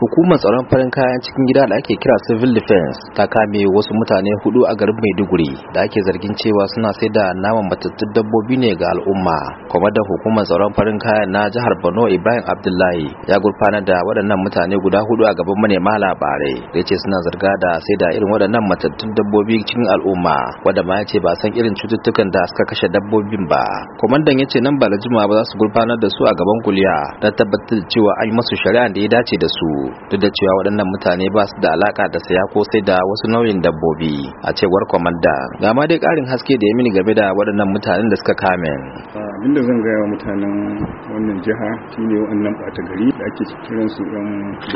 hukumar tsaron farin kayan cikin gida da ake kira civil defense ta kame wasu mutane hudu a garin maiduguri da ake zargin cewa suna sai da naman matattun dabbobi ne ga al'umma kuma da hukumar tsaron farin kayan na jihar borno ibrahim abdullahi ya gurfanar da waɗannan mutane guda hudu a gaban manema labarai da ce suna zarga da sai da irin waɗannan matattun dabbobi cikin al'umma wanda ma ya ce ba san irin cututtukan da suka kashe dabbobin ba kwamandan ya ce nan ba da jimawa ba za su gurfanar da su a gaban kuliya don tabbatar da cewa an yi masu shari'a da ya dace da su duk da cewa waɗannan mutane ba su da alaka da saya ko sai da wasu nauyin dabbobi a cewar kwamanda ga ma dai ƙarin haske da ya mini game da waɗannan mutanen da suka kame inda zan gaya wa mutanen wannan jiha shine waɗannan ɓata gari da ake kiran su ɗan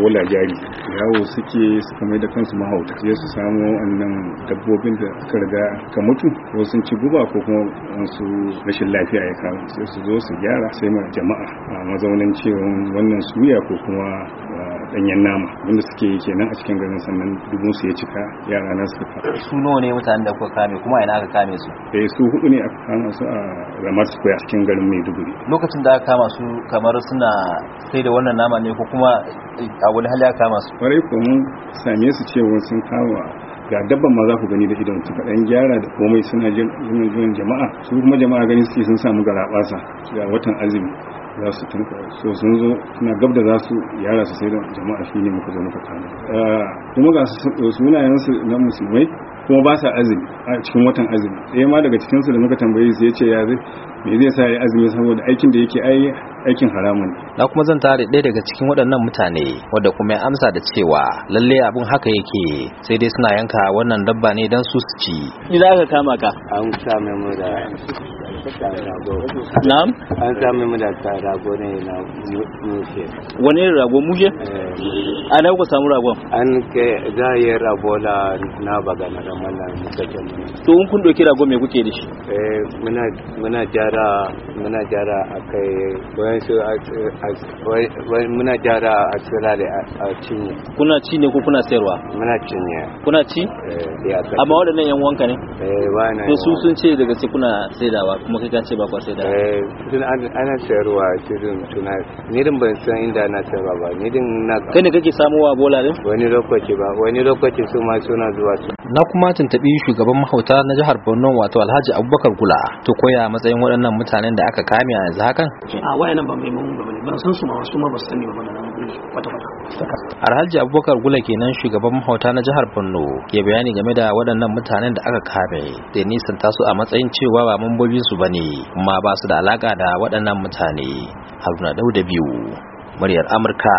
bola jari yawo suke suka mai da kansu mahauta sai su samu wannan dabbobin da suka riga ka mutu ko sun ci guba ko kuma wasu rashin lafiya ya kawo sai su zo su gyara sai ma jama'a a mazaunin cewa wannan suya ko kuma danyen nama wanda suke yi kenan a cikin garin sannan dubun su ya cika yara na suka su nawa ne mutanen da kuka kame kuma ina aka kame su eh su hudu ne aka kama su a Ramat Square cikin garin Maiduguri lokacin da aka kama su kamar suna sai da wannan nama ne ko kuma eh, a wani hali aka kama su kwarai ko mun same su cewa sun kama ga dabban ma za ku gani da idan su kaɗan gyara da komai suna jin jama'a su kuma jama'a ganin suke sun samu garaɓasa ga watan azumi za su turka so sun zo na gab da za su yara su sai da jama'a shi ne muka zo muka kama ah, kuma ga na musulmai kuma ba sa azumi a cikin watan azumi ɗaya ma daga cikinsu da muka tambaye su ya ce ya zai me zai sa ya azumi saboda aikin da yake ai aikin haramun na kuma zan tare ɗaya daga cikin waɗannan mutane wanda kuma ya amsa da cewa lalle abin haka yake sai dai suna yanka wannan dabba ne don su su ci idan aka kama ka an mu na'am an samu mu da rago ne na mushe wani rago mushe a nan ku samu ragon an ke za a yi rago na baga na raman na ne to kun doki ragon me kuke da shi eh muna jara muna jara a kai wayan su muna jara a tsira da a cinye kuna ci ne ko kuna sayarwa muna cinye kuna ci eh, amma waɗannan yan wanka ne eh wani to su sun ce daga sai kuna saidawa kuma kai ka ce ba kwa saidawa eh ana sayarwa cikin tunai ni din ban san inda na sayarwa ba ni din na kai ne kake samu wa bola din wani lokaci ba wani lokaci su ma suna zuwa su na kuma tuntabi shugaban mahauta na jihar Borno wato Alhaji Abubakar Gula to koya matsayin waɗannan mutanen da aka kame a yanzu hakan a wayannan ba mai mun ba ne ban san su ma su ma ba su sani ba kwata-kwata Alhaji Abubakar Gula kenan shugaban mahauta na jihar Borno ke bayani game da waɗannan mutanen da aka kame da nisan tasu a matsayin cewa ba mambobin su bane kuma ba su da alaka da waɗannan mutane. Haruna Dauda biyu muryar Amurka